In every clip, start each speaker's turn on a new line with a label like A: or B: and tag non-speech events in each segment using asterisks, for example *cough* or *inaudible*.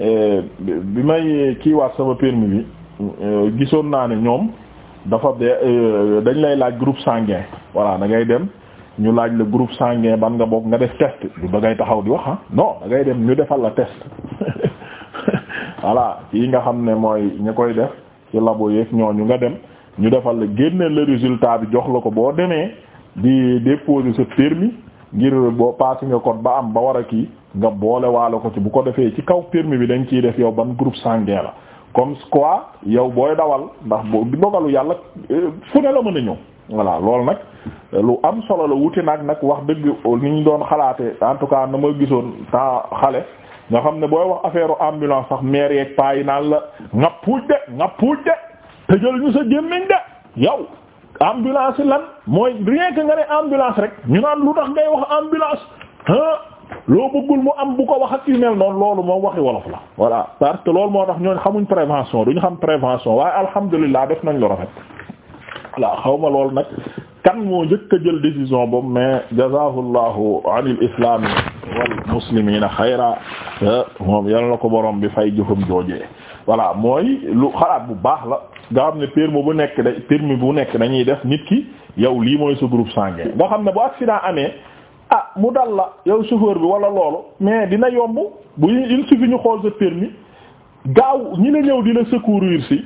A: Eh, bi may kiiwaat sama permis bi eh, gisoon naa ne ñoom dafa de eh, dañ lay laaj groupe sanguin voilà da ngay dem ñu laaj la groupe sanguin ban nga bokk nga def test du ngay taxaw di wax ah non da ngay dem ñu defal la test *laughs* voilà yi nga xam ne mooy ñu koy def ci labo yeeg ñooñu nga dem ñu defal la génne le résultat bi jox la ko boo demee di déposer sa permis ngir boo passé nga code ba am ba war a kii nga boole waalo ko ci bu ko defee ci kaw permis bi dañ ciy def yow ban groupe sanguin la comme quoi yow booy dawal ndax boo dogalu yàlla fu ne la mën a ñëw voilà loolu nag lu am solo la wuti nag nag wax dëgg ni ñu doon xalaatee en tout cas na ma gisoon temps xale nga xam ne booy wax affaire ambulance sax maire yeeg paa yi naan la nga puuj de nga puuj de tëjal ñu sa gémmiñ de yow ambulance lan mooy rien nga ne ambulance rek ñu naan lu tax ngay wax ambulance loo bëggul mu am bu ko wax ak yu mel noonu loolu moom waxi wolof la voilà parce que loolu moo tax ñooñ xamuñ prévention ñu xam prévention waaye alhamdulilah def nañ lu rafet voilà xaw ma loolu nag kan moo njëkk a jël décision boobu mais jazahullahu anil islami wal muslimina xayra moom yal na ko borom bi fay jëfam joojee voilà mooy lu xalaat bu baax la nga xam ne permis bu nekk da permis bu nekk dañuy def nit ki yow lii mooy sa groupe sanguin nga xam ne bu accident amee ah mu dal la yow chauffeur bi wala loolu mais dina yomb bu il suffit ñu xool sa permis gaaw ñi la ñëw dina secourir si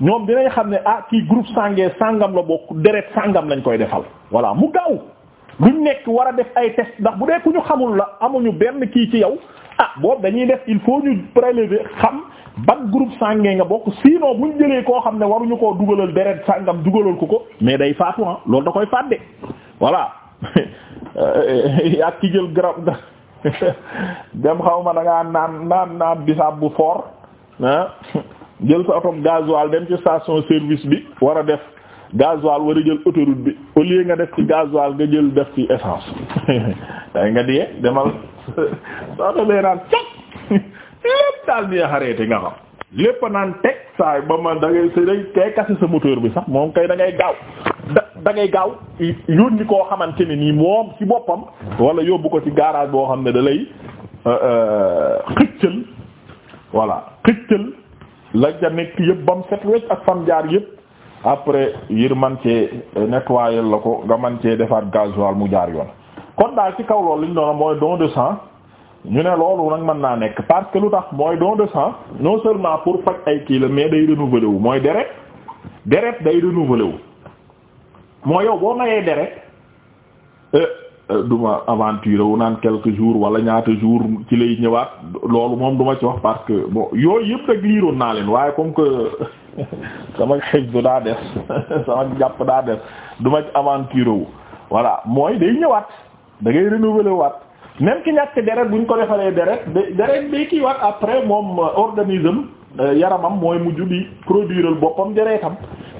A: ñoom dinañ xam ne ah kii groupe sanguin sangam la bokk deret sangam lañ koy defal voilà mu gaaw luñ nekk war a def ay test ndax bu dee ku ñu xamul la amuñu benn kii ci yow ah boobu dañuy def il faut ñu prélever xam ban groupe sanguin nga bokk sinon buñ jëlee koo xam ne waruñu koo dugalal deret sàngam dugalal ko ko mais day faatu ah, loolu da koy fàtte voilà *laughs* ak *laughs* jël garab *laughs* dem xaw ma da ngaa naan naan naan bisaab bu fort ah *laughs* jël sa oto gasoil dem ci station service bi war a def gasoil war a jël autoroute bi au lieu nga def ci gasoil nga jël def ci essence day nga diyee demal sa oto naan cog lépp daal di arrêté nga xam lépp naan teg saay ba ma da ngay da ngay kase sa moteur bi sax moom kay da ngay gaaw da da ngay gaaw yónni koo xamante ne nii moom ci boppam wala yóbbu ko ci garage boo xam ne da lay euh, euh, xëccal voilà la ja nekk yëpp ba mu set wecc ak fam jaar yëpp après yër man cee nettoyer la ko nga man cee defaat gasoil mu jaar yoon kon daal ci kaw loolu liñ doona mooy don de sang ñu ne loolu nag mën naa nekk parce que lu tax mooy don de sang non seulement pour faj ay kii la mais day renouveler wu mooy deret deret day renouveler wu mooy yow boo mayee deret euh, euh, duma aventure wu naan quelque jour wala ñaata jours ci lay ñëwaat loolu moom duma ci wax parce que bo yooyu yëpp rek liiroon naa leen waaye comme que *laughs* sama xëjdu daa des *laughs* sama jàpp daa des duma ci aventure wu voilà mooy day ñëwaat da ngay renouveler waat même ki ñàkk deret ñu ko defalee deret deret bi kii waat après moom euh, organisme euh, yaramam mooy mujj di produire boppam deretam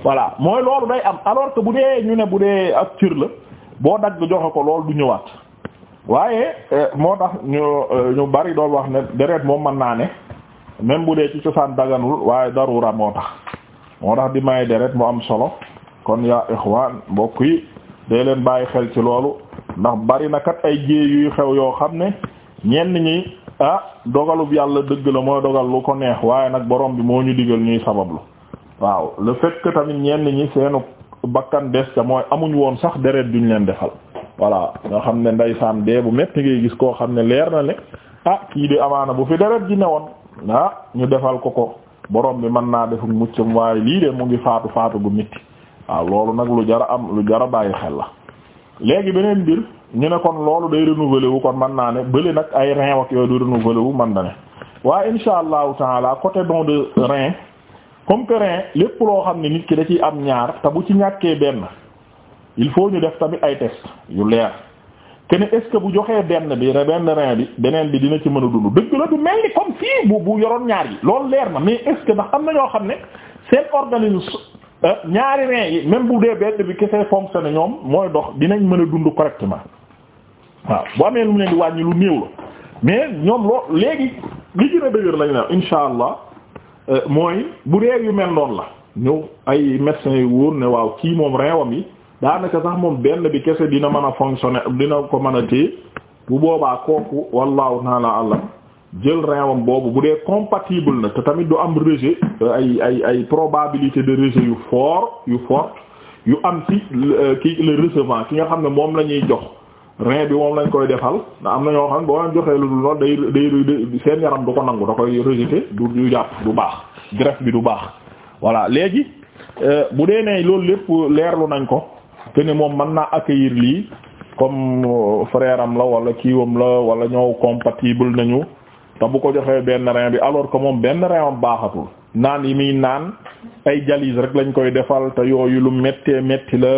A: voilà mooy loolu day am alors que bu dee ñu ne bu dee ak cër la boo dagg joxe ko lool du ñëwaat waaye euh, moo tax ñu ñu bari doon wax ne deret moom mën naa ne même bu dee ci cosaan daganul waaye darura moo tax moo tax di may deret mu am solo kon yaa ixwaan mbokk yi dee leen bàyyi xel ci loolu ndax bari na ay jéey yuy xew yoo xam ne ñenn ñi ah dogalub yàlla dëgg la mooy dogal lu ko neex waaye nag borom bi moo ñu digal ñuy sabablu waaw la fait tamit ñenn ñi seenu bakkan des ca mooy amuñ woon sax deret duñ leen defal voilà nga xam ne ndeysaan dee bu metti ngay gis koo xam ne leer na le ah kii di amaana bu fi deret ji newoon ah ñu defal ko ko borom bi mën naa defuk muccam waaye lii de mu ngi faatu faatu gu metti waaw loolu nag lu jara am lu jara bàyyi xel la léegi beneen biir ñu ne kon loolu day renouveler wu kon man naa ne bële nag ay rein wak yooyu du renouveler wu mën na ne waaye insha allahu taala côté don de rein comme que rein lépp loo xam ne nit ki da ciy am ñaar te bu ci ñàkkee benn il faut ñu def tamit ay test yu leer kene est bu joxee benn bi benn rein bi beneen bi dina ci mën a dund dëgg la du mel ni comme fii bu bu yoroon ñaar yi loolu leer na mais est-ce que am na ñoo xam ne seen organisme Euh, ñaari rein yi même bu dee benn bi kese fonctionné ñoom mooy dox dinañ mën a dund correctement waaw bu amee lu mu leen di wàññi lu néew la mais ñoom loo léegi li gën a dëgër lañ la insha allah euh, mooy bu dee yu mel noonu la ñëw ay médecin yu wóor ne waaw kii moom reewam yi daanaka sax moom benn bi kese dina man a fonctionné dina ko mën a téye bu boobaa kooku wallahu ta'ala alam jël reewam boobu bu dee compatible na te tamit du am rejet euh, ay ay ay probabilité de rejet yu fort yu fort yu am ci euh, ki le recevant ki nga xam ne moom la ñuy jox rein bi moom lañ koy defal da am na ñoo xam ne boo leen joxee lu dul noonu day day seen yaram du ko nangu da koy rejeté du du jàpp du baax greffe bi du baax voilà léegi euh, bu dee ne loolu lépp leerlu nañ ko te ne moom mën naa accueillir lii comme frère la wala kiiwam la wala ñoo compatible nañu te bu ko joxee benn rein bi alors ko moom benn rein am baaxatul naan yi muy naan ay dialyse rek lañ koy defal te yooyu lu méttee métti la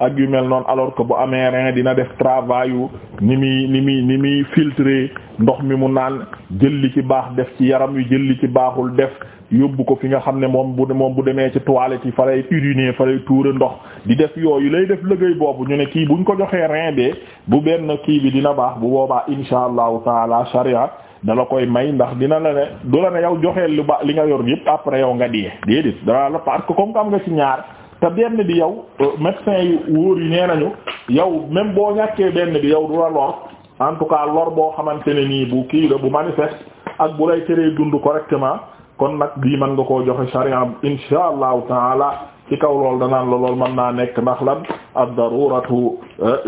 A: ak yu mel noonu alors que bu amee rein dina def travail yu ni muy ni muy ni muy filtrer ndox mi mu naan jël li ci baax def ci yaram yu jël li ci baaxul def yóbbu ko fi nga xam ne moom bu moom bu demee ci toilette yi fa lay uriner fa lay tuure ndox di def yooyu lay def liggéey boobu ñu ne kii buñ ko joxee rein bee bu benn kii bi dina baax bu boobaa insha allahu taala sharia dala koy may ndax dina la ne du la ne yow joxe lu ba li nga yor yëpp après yow nga diyee déedéet dana la parce que comme que am nga ci ñaar te benn bi yow euh, médecin yu wóor yi nee nañu yow même boo ñàkkee benn bi yow du la lor en tout cas lor boo xamante ne nii bu kii la bu manifeste ak bu lay teree dund correctement kon nag bii mën nga koo joxe sharia insha allahu taala ci kaw lool danaan la lool mën naa nekk ndax lan ad daruratu euh,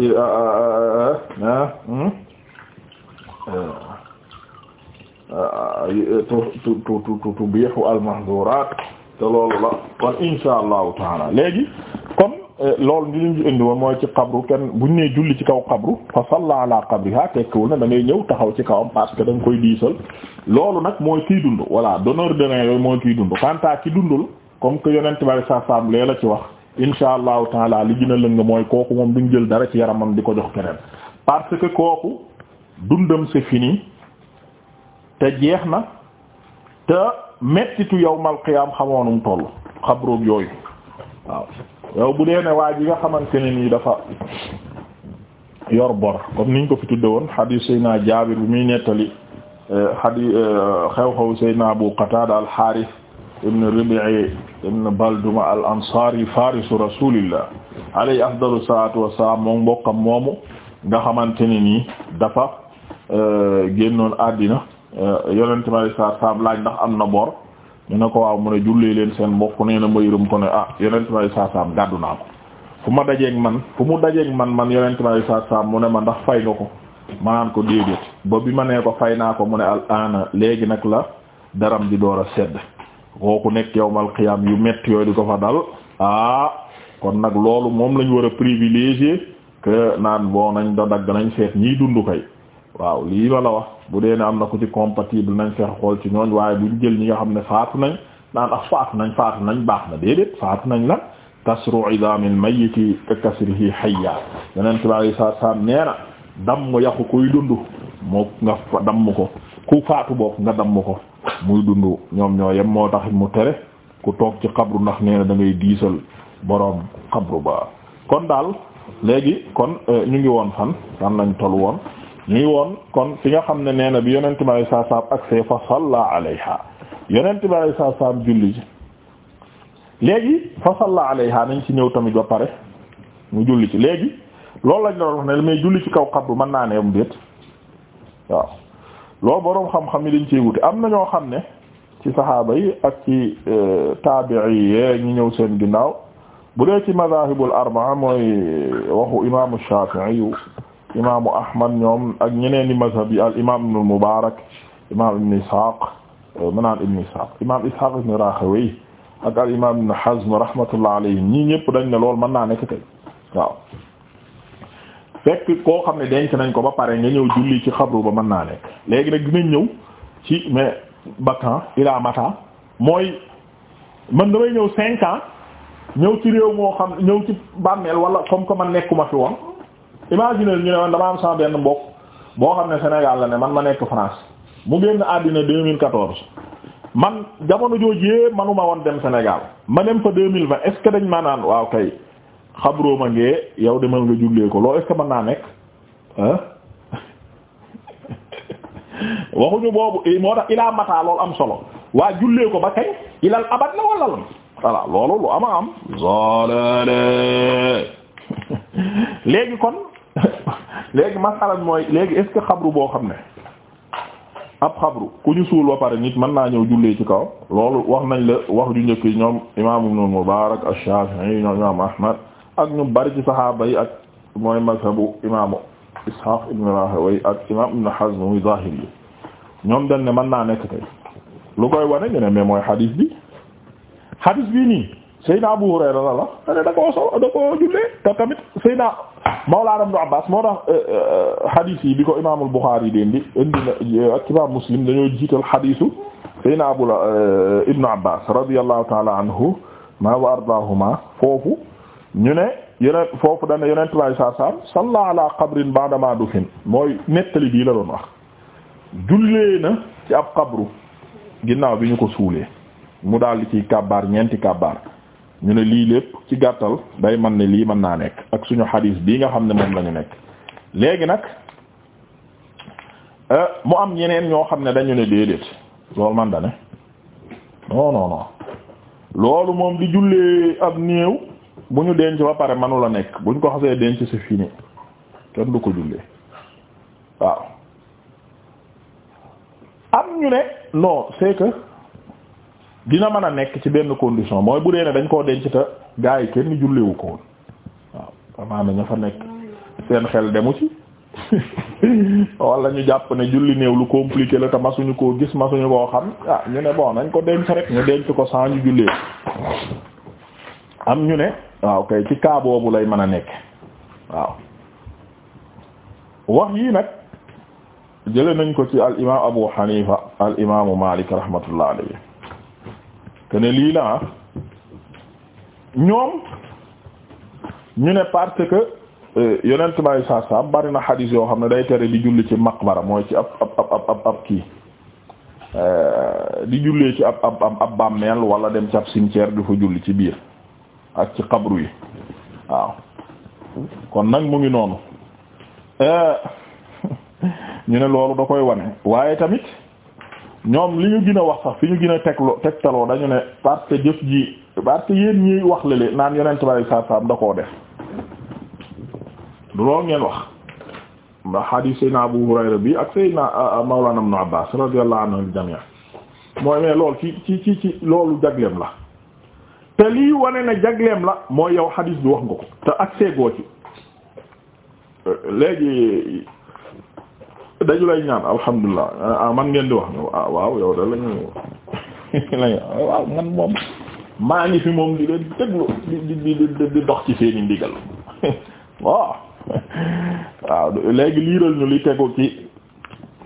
A: euh, hmm? tu tu tu tu biixu almahdurat te loolu la kon insha allahu taala léegi kon eh, loolu li ñu indi woon mooy ci xabru kenn buñ nee julli ci kaw xabru fa salla ala qabriha tekkiwul na da ngay ñëw taxaw ci kawam parce que da nga koy diisal loolu nag mooy kiy dund voilà donneur de rein yooyu mooy kiy dund quant à ki dundul comme que yonent bari sa sam lee la ci wax insha allahu taala li gën a lëng mooy kooku moom duñ jël dara ci yaramam di ko jox keneen parce que kooku dundam c'est fini te jeex na te mettitu yawmal qiyaam xamoonum toll xabroog yooyu waaw yow bu dee ne waa nga xamante ne nii dafa yor bor comme niñ ko fi tudde woon xadiis Seydina Jaabir bi muy nettali eh, xadiis eh, xew-xew Seydina Abu Qataada al-Haaris ibn Rabi'i ibn Balduma al-Ansaari farisu Rasuulillah alayhi afdalu salaatu wassalaam moom mbokkam moomu nga xamante ne nii dafa eh, génnoon àddina Euh, yonent ma lay saa saam laaj ndax am na bor ñu ne ko waaw mu ne jullee leen seen mbokk nee na ma yërëm ko ne ah yonent ma lay saa saam gàddu naa ko fu ma dajeeg man fu mu dajeeg man man yonent ma lay saa saam mu ne ma ndax fay nga ko ma naan ko déedéet ba bi ma nee ko fay naa ko mu ne al aana léegi nag la daram di door a sedd kooku nekk yowmal qiyaam yu metti yooyu di ko fa dal ah kon nag loolu moom lañu war a privilégier que naan bon nañ da dagg nañ seet ñiy dund kay waaw lii ma la wax bu dee ne am na ku ci compatible nañ fexe xool ci ñooñ waaye buñ jël ñi nga xam ne faatu nañ naan ak ah faatu nañ faatu nañ baax na déedéet faatu nañ la kasru idamil mayiti ka kasrihi hayya yeneen ci bari sa sam nee na damm yaxu kuy dund moo nga damm ko ku faatu book nga damm ko muy dund ñoom ñoo yem moo tax mu tere ku toog ci xabru ndax nee na da ngay diisal boroom xabru ba kon daal léegi kon euh, ñu ngi woon fan fan lañ tol woon ñi woon kon fi nga xam ne nee na bi yonente bi alei saat salaam akse fa salla alayha yonente bi alei saat salaam julli ji léegi fa salla alayha nañ ci ñëw tamit ba pare mu julli ci léegi loolu lañ doon wax ne mais julli ci kaw bu mën naa ne am déet waaw loolu boroom xam-xam yi dañ cee wute am na ñoo xam ne ci saxaaba yi ak ci euh, taabi'i yee ñu ñëw seen ginnaaw bu dee ci madahibul arba'a mooy euh, waxu imaamu Shaafi'i imaamu Ahmad ñoom ak ñeneen i mazhab yi al imaam Ibnul Mubaarak imaam Ibn Ishaaq euh, mu naan Ibn Ishaaq imaam Ishaaq ibn Raahawayh ak al imaam Ibn Hazm rahmatullah alayhi ñii ñëpp dañ ne lool mën naa nekk kay waaw fekk koo xam ne denc nañ ko ba pare nga ñëw julli ci xabru ba mën naa nekk léegi nag dinañ ñëw ci mais bakan ila mata mooy man damay ñëw cinq ans ñëw ci réew moo xam ñëw ci bàmmeel wala comme que man nekkuma fi woon imagine ñu ne man dama am sama benn mbokk boo xam ne Sénégal la ne man ma nekk France mu génn àddina 2014 man jamono joojee manuma woon dem Sénégal ma dem fa 2020 est ce que dañ maa naan waaw kay xabru ma ngee yow demal nga jullee ko loolu est ce naa nekk *laughs* waxuñu boobu eh, ilaa mataa loolu am solo waa jullee ko ba kay ilal abad la wala lan voilà loolu lu ama am zolale *laughs* léegi kon léegi masala mooy léegi est xabru boo xam ne ab xabru ku ñu suul ba pare nit mën naa ñëw jullee ci kaw loolu wax nañ la wax ju njëkk ñoom imaam ibn Mubarak ash-Shafi'i ñoom imaam Ahmad ak ñu bari ci saxaaba yi ak mooy mazhabu imaamu Ishaq ibn Rahawayh ak imaam Ibn Hazm muy Zahiri yi ñoom dañ ne mën naa nekk tey lu koy wane ñu ne mooy hadith bi hadith bii nii. Seydina Abu Hurayra la la dane da koo so da koo jullee te tamit Abbaas moo tax hadith euh, euh, yi bi ko Imaamul Buxaari dén indi na euh, ak Imaam Muslim dañoo jiital hadisu Seydina Abu Ibnu Abbaas radiyallahu ta'ala anhu ma wa ardaahuma foofu ñu ne yeneen foofu dane yonent bay sa sam salla ala qabrin ba'da ma dufin mooy nettali bii la doon wax jullee na ci ab qabru ginnaaw bi ñu ko suulee mu daal di ciy ñeenti kàbbaar ñu ne lii lépp ci gàttal day man ne lii man naa nekk ak suñu xadiis bii nga xam ne moom la ñu nekk léegi nag euh, mu am ñeneen ñoo xam ne dañu ne déedéet loolu man da ne non loolu moom di jullee ab néew bu ñu denc ba pare manu la nekk buñ ko xasee denc c'est fini kenn du ko jullee waaw am ñu ne non c'est dina mën a nekk ci benn condition mooy bu dee ne dañ koo denc te gaa yi kenn jullewu ko woon waaw amaana ña fa nekk seen xel demu ci *laughs* wala ñu jàpp ne julli néew lu compliqué la te masuñu koo gis masuñu koo xam ah ñu ne bon nañ ko denc rek ñu denc ko sans ñu jullee am ñu ne waaw kay ci cas boobu lay mën a nekk waaw wax yii nag jële nañ ko ci al imam Abu Hanifa al imaamu Malik rahmatullah alayhi ne lii la ah ñoom ñu ne parce que euh, yonent bàyyi saa saa bari na xadiis yoo xam ne day tere di julli ci maqbara mooy ci ab ab ab ab kii euh, di jullee ci ab ab ab bàmmeel wala dem ci ab cimetière di fa julli ci biir ak ci xabru yi waaw kon nag mu ngi noonu euh, *laughs* ñu ne loolu da koy wane waaye tamit. ñoom li ñu gën a wax sax fi ñu gën a teg tegtaloo dañu ne parce que jëf ji parce que yéen ñiy wax lële naan yonent bi saa saam da koo def du loolu ngeen wax ndax hadith Seydina Abu Hurayra bi ak Seydina Mawlana Ibn Abbas radiyallahu anhum jami'an mooy mais loolu ci ci ci loolu jagleem la te lii wane na jagleem la mooy yow hadith bi wax nga ko te ak seegoo ci euh, léegi dañu lay ñaan alhamdulilah ah, ah man ngeen di wax ah waaw yow da lañu *laughs* ah, waaw man moom maa ngi fi moom di leen déglu di di di di dox ci seeni ndigal *laughs* waaw *laughs* waaw léegi liiral ñu li tegu ci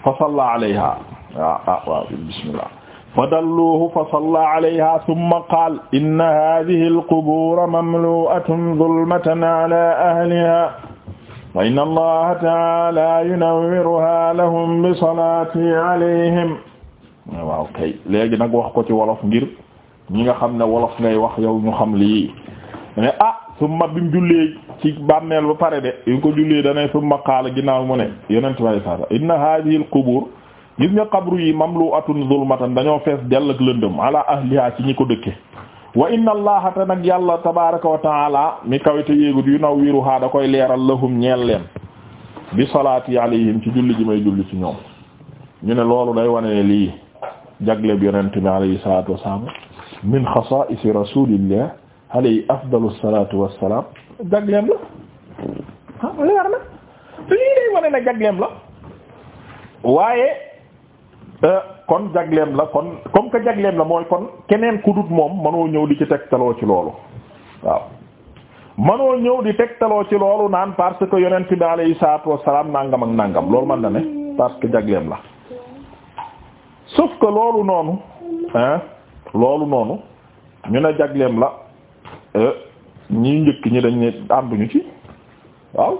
A: fa salla alayha waaw ah, ah waaw bismillah fa dalluuhu fa salla alayha thumma qaala inna hadhihi al-qubur mamlu'atun dhulmatan ala ahliha fa inna allaha taala yunawwiruha lahum bi salaati alayhim waaw kay léegi nag wax ko ci wolof ngir ñi nga xam ne wolof ngay wax yow ñu xam lii ne ah summa bi mu jullee ci bàmmeel ba pare de yu ko jullee danay summa qaala ginnaaw mu ne yonent way sasa inna hadhihi al qubur gis nga qabru yi mamlu'atun zulmatan dañoo fees dell ak lëndëm ala ahliha ci ñi ko dëkke wa inna allaha te nag yàlla tabaraka wa taala mi kawite yéegut yu naw wiru haa da koy leeral lahum ñeel leen bi salaati alayhim ci julli ji may julli ci ñoom ñu ne loolu day wane ne lii jagle bi yonent bi alayhi salatu wasalaam min xasaisi rasulillah alayhi afdalu salatu wassalam jagleem la ah leer na lii day wane ne jagleem la waaye Euh, kon jagleem la kon comme que jagleem la mooy kon keneen ku moom manoo ñëw di ci tegtaloo ci loolu waaw manoo ñëw di tegtaloo ci loolu naan parce que yonent bi alayhi salaatu wassalaam nàngam ak nangam loolu man na ne parce que jagleem la sauf que loolu noonu hein loolu noonu ñu ne jagleem la euh, ñi njëkk ñi dañ ne ànduñu ci waaw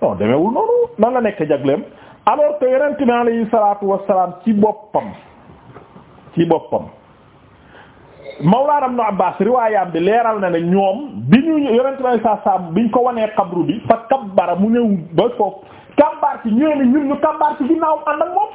A: non demewul noonu nan la nekk jagleem alors que yonent bi wassalaam ci boppam ci boppam Mawlaana Ibnu Abbaas riwaayam bi leeral na ne ñoom bi ñu yonent bi alayhi salaatu wassalaam bi ñu ko wanee xabru bi fa kabbara mu ñëw ba foofu kàmbaar ci ñëw ñun ñu kàmbaar ci ginnaaw ànd ak moom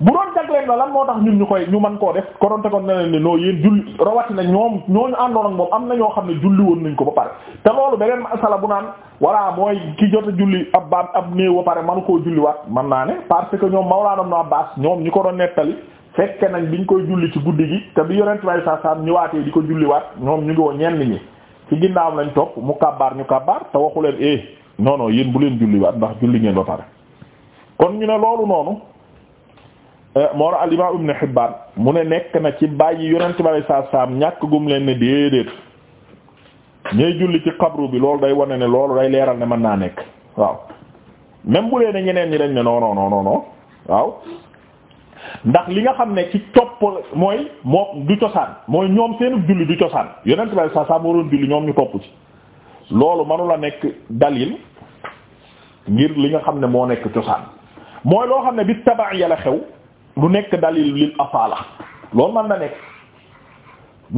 A: bu doon jagleen la lan moo tax ñun ñu koy ñu man koo def konoonte kon na leen ne noo yéen julli rawatina ñoom ñooñu àndoon ak moom am na ñoo xam ne julli woon nañ ko ba pare te loolu beneen masala bu naan voilà mooy ki jot a julli ab ba ab néew ba pare manu koo julliwaat man naa ne parce que ñoom Mawlaana naa Abbaas ñoom ñi ko doon nettali fekke nañ biñ koy julli ci guddi gi te bi yonent way sa sam ñëwaatee di ko julliwaat ñoom ñu ngi woon ñenn ñi ci ginnaaw lañ topp mu kabbaar ñu waxu leen eh non bu leen julliwaat ndax julli ngeen ba pare ñu ne loolu noonu Euh, moo al imaam Ibn mu ne nekk na ci bàyyi yonent bi saa saam ñàkk gum leen ne déedéet ñooy julli ci xabru bi loolu day wane ne loolu day leeral ne mën naa nekk waaw même bu leen ne ñeneen ñi dañ ne non waaw ndax li nga xam ne ci topp mooy moom du cosaan mooy ñoom seen julli du cosaan yonent bi saa saam waroon julli ñoom ñu topp ci loolu mënu la nekk dalil ngir li nga xam ne moo nekk cosaan mooy loo xam ne bi tabax yàlla xew. du nekk dalil lil afaala loolu man na nekk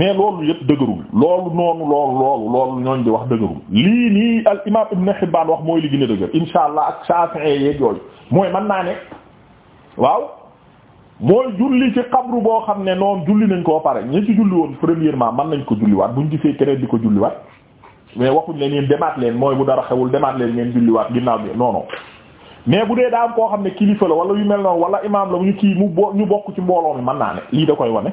A: mais loolu yëpp dëgërul loolu noonu loolu loolu loolu ñooñ di wax dëgërul lii nii al imaam Ibn Hibbaan wax mooy li gën a dëgër insha allah ak Shaafi'i yeeg yooyu mooy man naa ne waaw mooy julli ci xabru boo xam ne noonu julli nañ koo pare ñi ci julli woon premièrement man nañ ko bu buñ gisee keneen di ko julliwaat mais waxuñ leen yeen demaat leen mooy bu dara xewul demaat leen ngeen julliwaat ginnaaw bi non mais bu dee daa koo xam ne kilifa la wala yu mel noonu wala imaam la ñu kii mu bo ñu bokk ci mbooloo man naa ne lii da koy wane.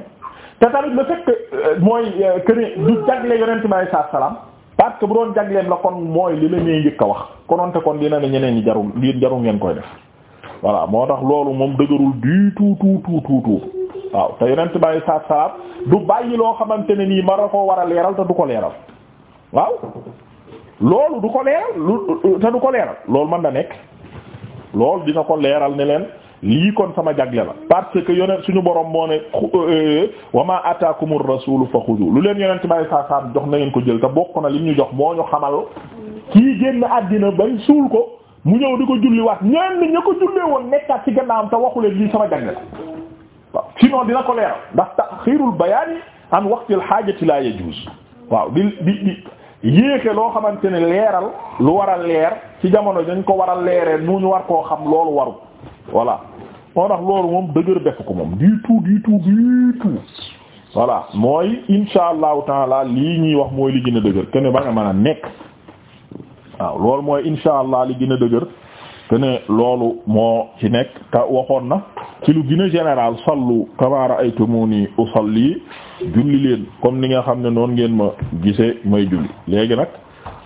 A: te tamit le fait que euh, mooy euh, que du jagle yonent bi alayhi salaam parce que bu doon jagleem la kon mooy li la ñuy njëkk a wax kononte kon dina ne ñeneen ñi jarul lii jarul ngeen koy def. voilà moo tax loolu moom dëgërul du tout tout tout tout tout waaw te yonent bi alayhi salaam du bàyyi loo xamante ne nii mara koo war a leeral te du ko leeral waaw. du ko leeral du ko leeral loolu mën nekk. lool dina ko leeral ne leen lii kon sama jagle la parce que yonent suñu borom moo ne euh, euh, wa ma ataakumur rasulu fa xudu lu leen si bàyyi saa saam jox na ngeen ko jël te bokk na li ñu jox moo ñu xamal kii génn àddina ba suul ko mu ñëw di ko julliwaat ñeen ni ña ko jullee woon nekkaat ci am te waxuleen lii sama jagle la waaw sinon dina ko leeral ndax taxiirul bayaani an waqtil haajati la yajuuz waaw di di di yéexe loo xamante ne leeral lu war a leer ci jamono dañ ko war a leeree nu ñu war koo xam loolu waru voilà moo tax loolu moom dëgër def ko moom di tout du tout du tout voilà mooy insha allahu taala lii ñuy wax mooy li gën a dëgër kene ba nga mën a nekk waaw loolu mooy insha allah li gën a dëgër kene loolu moo ci nekk te waxoon na ci lu gën a général sallu kama ra'aytumuni usalli julli leen comme ni nga xam ne noonu ngeen ma gisee may julli léegi nag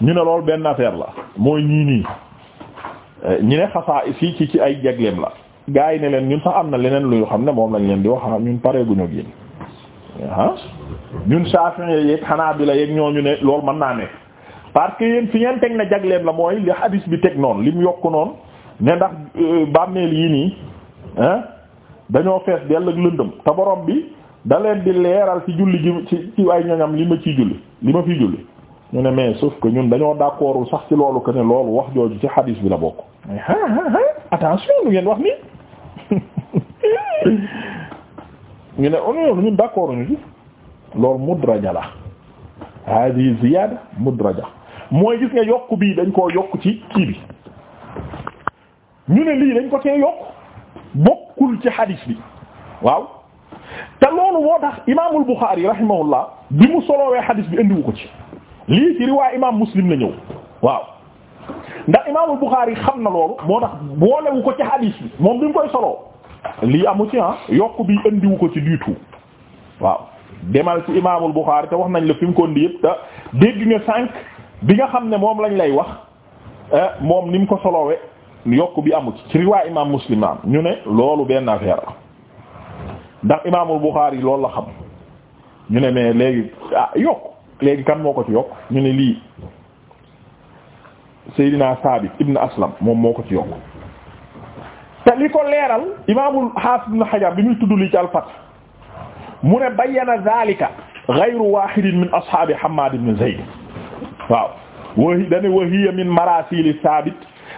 A: ñu ne lool benn affaire la mooy ñii nii eh, ñi ne xasaa fii ci ci ay jagleem la gaa yi ne leen ñun sax am na leneen luñu xam ne moom lañ leen di wax ah, ñun pareeguñu ak yéen ah ñun Shafi'i la Hanabila yeeg ñu ne lool mën naa ne parce que yéen fi ngeen teg na jagleem la mooy li hadis bi teg noonu li mu yokk noonu ne ndax euh, bàmmeel yii nii ah dañoo fees dell ak lëndëm te bi. da bi di leeral ci julli gi ci ci ay ñoñam li ma ciy julli li ma fi julli ñu ne mais sauf que ñun dañoo d'accordul sax ci loolu que ne loolu wax jooju ci xadiis bi la bokk attention lu ngeen wax nii ñu ne oh, on ñun d'accord ñu ci loolu mudraja la hadi ziyaada mudraja mooy gis nga yokk bi dañ koo yokk ci kii bi ñu ne lii dañ ko cee yokk bokkul ci xadiis bi waaw te loolu moo tax imaamul Buxaari rahimahullah bi mu solowee xadiis bi indiwu ko ci lii ci riwaay imaam Muslim la ñëw waaw ndax imaamul Buxaari xam na loolu moo tax boolewu ko ci xadiis bi moom bi mu koy soloo lii amu ci ah yokk bi indiwu ko ci du tout waaw demal ci imaamul Buxaari te wax nañ la fi mu ko indi yëpp te dégg nga sànq bi nga xam ne moom lañ lay wax eh, moom ni mu ko solowee yokk bi amu ci ci riwaay imaam Muslim am ñu ne loolu benn affaire ndax imaamul Buxaari loolu la xam ñu ne mais léegi ah, yokk léegi kan moo ko ci yokk ñu ne lii Seydina Saabit ibn Aslam moom moo ko ci yokk te li ko leeral imaamul Haafis ibn xajaar bi muy tudd lii ci mu ne bayyana zaalika ghayru waahidin min ashaabi Hammaad ibn Zayd waaw wa dane wa hiya min maraasiil Saabit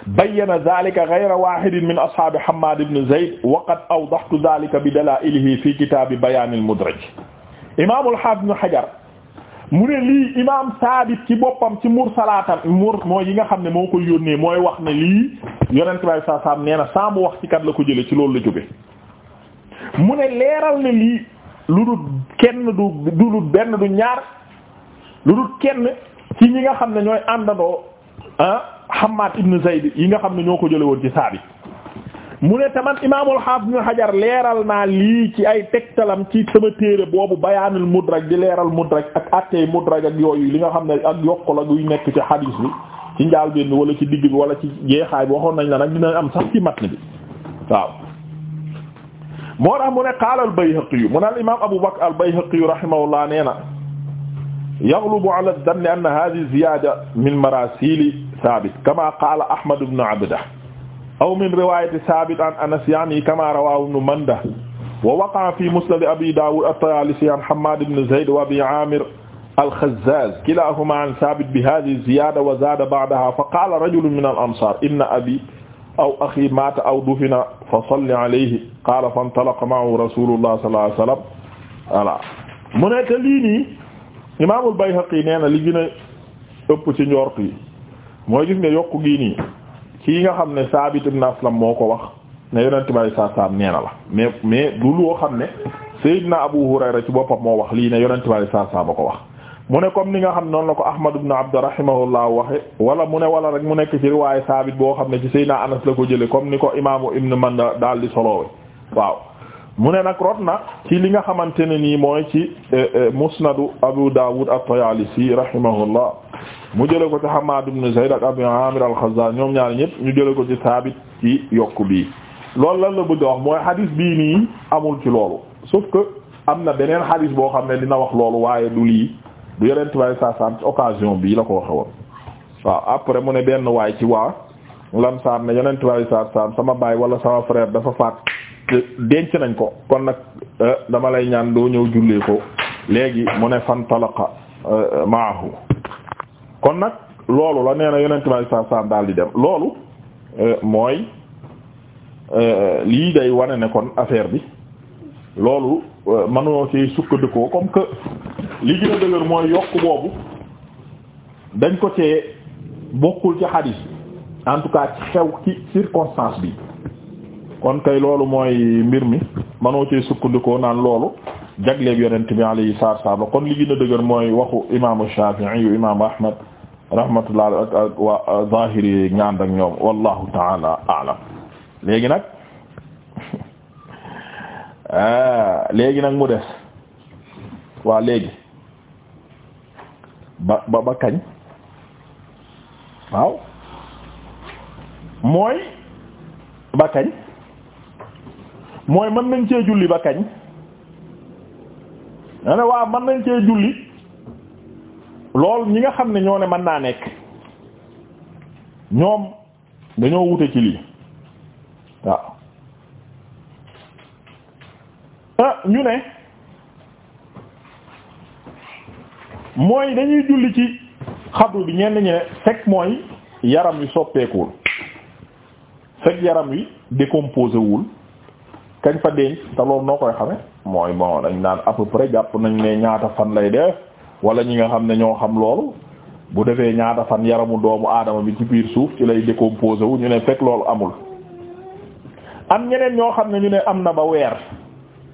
A: bayyana zalika ghayra wahidin min ashaabi Hammad ibn Zayd wa qad awdahtu bi dalailihi fi kitaabi bayaanil mudraj imaam al-Haafiz Hajar mu ne lii imaam Saabit ci boppam ci mursalaatam mur mooy yi nga xam ne moo koy yónnee mooy wax ne lii yonent bi saa saam nee na mu wax ci kat la ko jëlee ci loolu la jóge mu ne leeral ne lii lu dul kenn du benn du ñaar lu dul kenn ci ñi nga xam ne ñooy àndandoo. Ah, Hammad ibn Zayd yi nga xam ne ñoo ko jële woon ci Saabit mu ne taman imaamul haafis ibn Hajar leeral naa lii ci ay tegtalam ci sama téere boobu bayaanul mudraj di leeral mudraj ak attey mudraj ak yooyu li nga xam ne ak yokku la guy nekk ci hadis bi ci njaal benn wala ci digg bi wala ci jeexaay bi waxoon nañ la nag dina am sax ci ni bi waaw moo tax mu ne qaala al-Bayhaqi mu ne al imaam Abu Bakr al-Bayhaqi rahimahullah nee na yaghlubu ala adh-dhanni anna hadhihi ziyada min marasili Sabit kama qala Ahmad ibn Abda aw min riwayati Sabit an Anas yani kama rawahu ibn Manda wa waqa'a fi musnad Abi Dawud at-Tayalisi an Hammad ibn Zayd wa Abi Amir al-Khazzaz kilahuma an Sabit bi hadhihi ziyada wa zada ba'daha fa qala rajulun min al-ansar inna abi aw axi mata aw dufina fa salli alayhi qala fantalaqa ma'ahu rasulullah sallallahu alayhi wa sallam voilà mu nekk lii nii imaamul Bayhaqi nee na li gën a ëpp ci njort yi mooy gis nga yokk gii nii ci nga xam ne Saabit ibn Aslam moo ko wax ne yonent bi alayhi salaam nee na la mais mais du loo xam ne Seydina Abu Hurayra ci boppam moo wax lii ne yonent bi alayhi salaam a ko wax mu ne comme ni nga xam noonu la ko Ahmad ibn Abd rahimahullah waxe wala mu ne wala rek mu nekk ci riwaayu Saabit boo xam ne ci Seydina Anas la ko jële comme ni ko imaamu Ibn Manda daal di solo waaw mu ne nag rot na ci li nga xamante ne nii mooy ci eh, eh, musnadu Abu Dawud at-Tayalisi rahimahullah mu jële ko ci Hammad ibn Zayd ak Abu Amir al-Khazzaz ñoom ñaar ñëpp ñu jële ko ci Saabit ci yokk bii loolu lan la bëgg a wax mooy xadis bii nii amul ci loolu sauf que am na beneen xadis boo xam ne dina wax loolu waaye du lii du yorent waaye saa sant occasion bii la ko waxe woon waaw après mu ne benn waay ci waa lan saar ne yonent waaye saa sant sama baay wala sama frère dafa faat denc nañ ko kon nag eh, dama lay ñaan doo ñëw jullee ko léegi mu ne fan fantalaqa eh, maahu kon nag loolu la nee na yonent bi saa saa daal di dem loolu eh, mooy lii day wane ne kon affaire bi loolu mënoo ci sukkandikoo comme que li gën a dëgër mooy yokk boobu dañ ko cee bokkul ci xadiis en tout cas ci xew ci circonstance bi kon kay loolu mooy mbir mi manoo cee sukkandikoo naan loolu jagleeb yonent bi alayhi salaatu salaam kon li gën dëgër mooy waxu imaamu Shaafi'i yu imaamu Ahmad rahmatullah ak ak waa zahiri ñaan ak ñoom wallahu taala aalam léegi nag *laughs* ah, léegi nag mu des waa léegi ba ba ba kañ waaw mooy ba kañ mooy mën nañ cee julli ba kañ nga waaw mën nañ cee julli lool ñi nga xam ne ñoo ne mën naa nekk ñoom dañoo wute ci lii waaw ah, ñu ne mooy dañuy julli ci xabru bi ñenn ñi ne fekk mooy yaram wi soppeekuwul fekk yaram wi décomposé wul kañ fa denc te loolu noo koy xame mooy bon dañ naan à peu jàpp nañ ne ñaata fan lay def wala ñi nga xam ne ñoo xam loolu bu defee ñaata fan yaramu doomu aadama bi ci biir suuf ci lay décomposé wu ñu ne fekk loolu amul am ñeneen ñoo xam ne ñu ne am na ba weer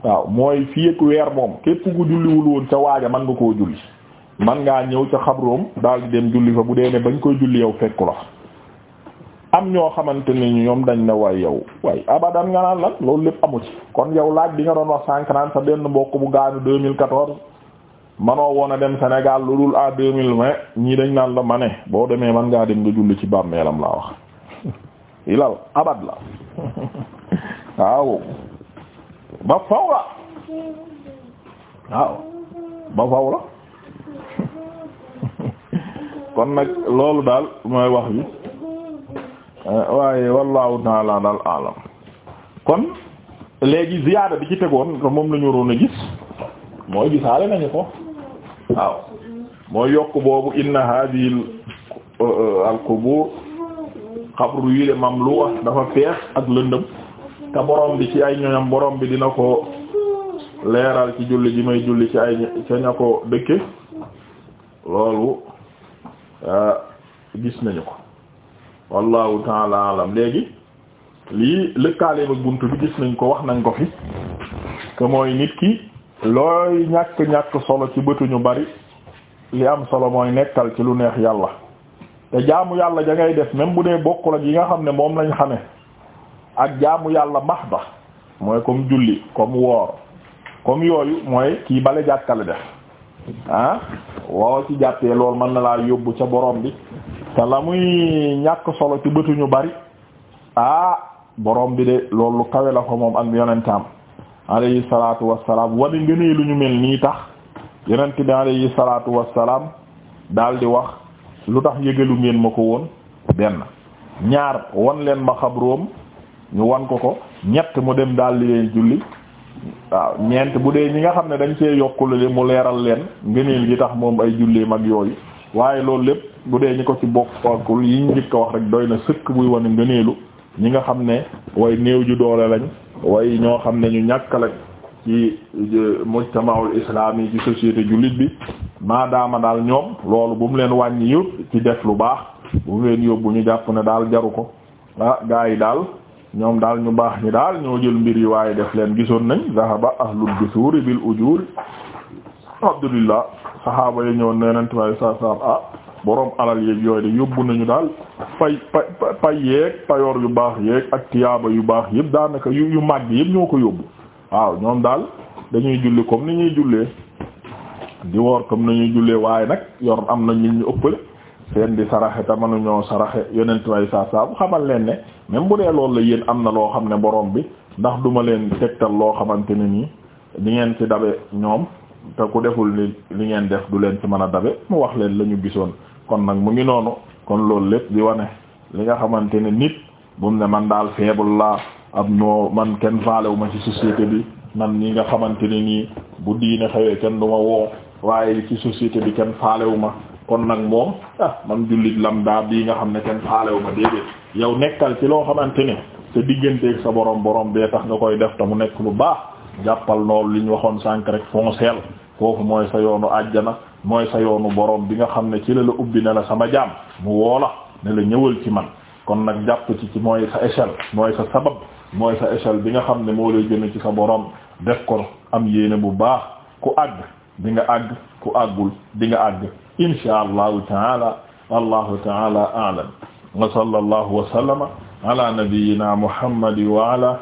A: waaw mooy fii ak weer moom képp ku julliwul woon ca waaja man nga koo julli man ngaa ñëw ca xabroom daal di dem julli fa bu dee ne bañ koy julli yow fekku la am ñoo xamante ni ñoom dañ ne waay yow waaye abadan nga naan lan loolu lépp amu ci kon yow laaj bi nga doon wax sànq naan sa benn mbokk bu gaanu 2014 manoo woon a dem Sénégal lu dul à 2020 ñii dañ naan la ma ne boo demee man ngaa dem nga julli ci bàmmeelam laa wax *laughs* ilal abad la *laughs* waaw ba faw la waaw ba faw la *laughs* kon nag loolu daal mooy wax bi Eh, waaye wallahu taala alam kon léegi ziyaada bi ci tegoon moom la ñu a gis mooy gisaale nañu ko waaw mooy yokk boobu inna hadhihi eh, al qubur xabru yi de mamluwa dafa fees ak lëndëm te borom bi ci ay ñoñam borom bi dina ko leeral ci julli ji may julli ci ay ca ña ko dëkke loolu eh, gis nañu ko wallahu taala alam léegi lii lëkkaale ak bunt bi gis nañ ko wax nañ ko fi que mooy nit ki looy ñàkk ñàkk solo ci bëtu ñu bari li am solo mooy nekkal ci lu neex yàlla te jaamu yàlla ja ngay def même bu dee bokkul ak yi nga xam ne moom lañ xame ak jaamu yàlla mahda mooy comme julli comme woor comme yooyu mooy kii bale jàkkale def ah woo ci jàppee loolu mën na laa yóbbu ca boroom bi te la muy ñàkk solo ci bëtu ñu bari ah boroom bi de loolu kawe la fa moom ak yonentaam alayhi salaatu wassalaam wane ngënee lu ñu mel nii tax yonent bi alayhi salaatu wassalaam dal di wax lu tax yëgalu ngeen ma ko woon benn ñaar wan leen ma xabroom ñu wan ko ko ñett mu dem daal di leen julli waaw ñeent bu dee ñi nga xam ne dañ cee yokkule mu leeral leen ngëneel gi tax moom ay jullee mag yooyu waaye loolu lépp bu dee ñi ko ci bokkul yi ñu njëkk wax rek doy na sëkk buy wane ngëneelu ñi nga xam ne way néew ju doole lañ way ñoo xam ne ñu ñàkk lañ ci mujtama'ul islam yi ci société jullit bi maadaama daal ñoom loolu bu mu leen wàññi yëpp ci def lu baax bu mu leen yóbbu ñu jàpp ne daal jaru ko ah gaa yi daal ñoom daal ñu baax ñi daal ñoo jël mbir yi waaye def leen gisoon nañ zahaba ahlul jusuri bil ujuri abdulillah sahaaba yi ñëwoon nenentu way sa sab ah boroom alal yeeg yooyu de yóbbu nañu daal pay pay pay payoor yu baax yeeg ak tiyaaba yu baax yëpp daanaka yu yu màgg yëpp ñoo ko yóbbu waaw ñoom daal dañuy julli comme ni ñuy jullee di woor comme ni jullee waaye nag yor am na ñu ñu ëppale seen di saraxe te mënuñoo saraxe yeneen way saa saa bu xamal leen ne même bu dee loolu la yéen am na loo xam ne borom bi ndax duma leen tegtal loo xamante ne nii di ngeen ci dabe ñoom te ku deful li li ngeen def du leen ci mën a dabe wax leen la ñu gisoon. kon nag mu ngi noonu kon loolu lépp di wane li nga xamante ne nit bu mu ne man daal faible la ab noo man kenn faale ma ci société bi man ñi nga xamante ne nii bu diine xewee kenn du ma woo waaye ci société bi kenn faale ma kon nag moom ah man jullit lambda bii nga xam ne kenn faale ma déedéet yow nekkal ci loo xamante ne sa digganteeg sa borom borom bee tax nga koy def te mu nekk lu baax jàppal noonu li ñu waxoon sànq rek foncel foofu mooy sa yoonu àjjana. mooy sa yoonu borom bi nga xam ne ci la la ubbi na la sama jaam mu woola ne la ñëwal ci man kon nag jàpp ci ci mooy sa échelle mooy sa sabab mooy sa échelle bi nga xam ne moo lay jëme ci sa borom def ko am yéene bu baax ku àgg di nga àgg ku àggul di nga àgg insha allahu taala allahu taala aalam wa sallallahu wa sallama ala nabiyyina muhammad wa ala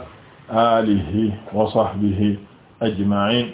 A: wa sahbihi ajma'in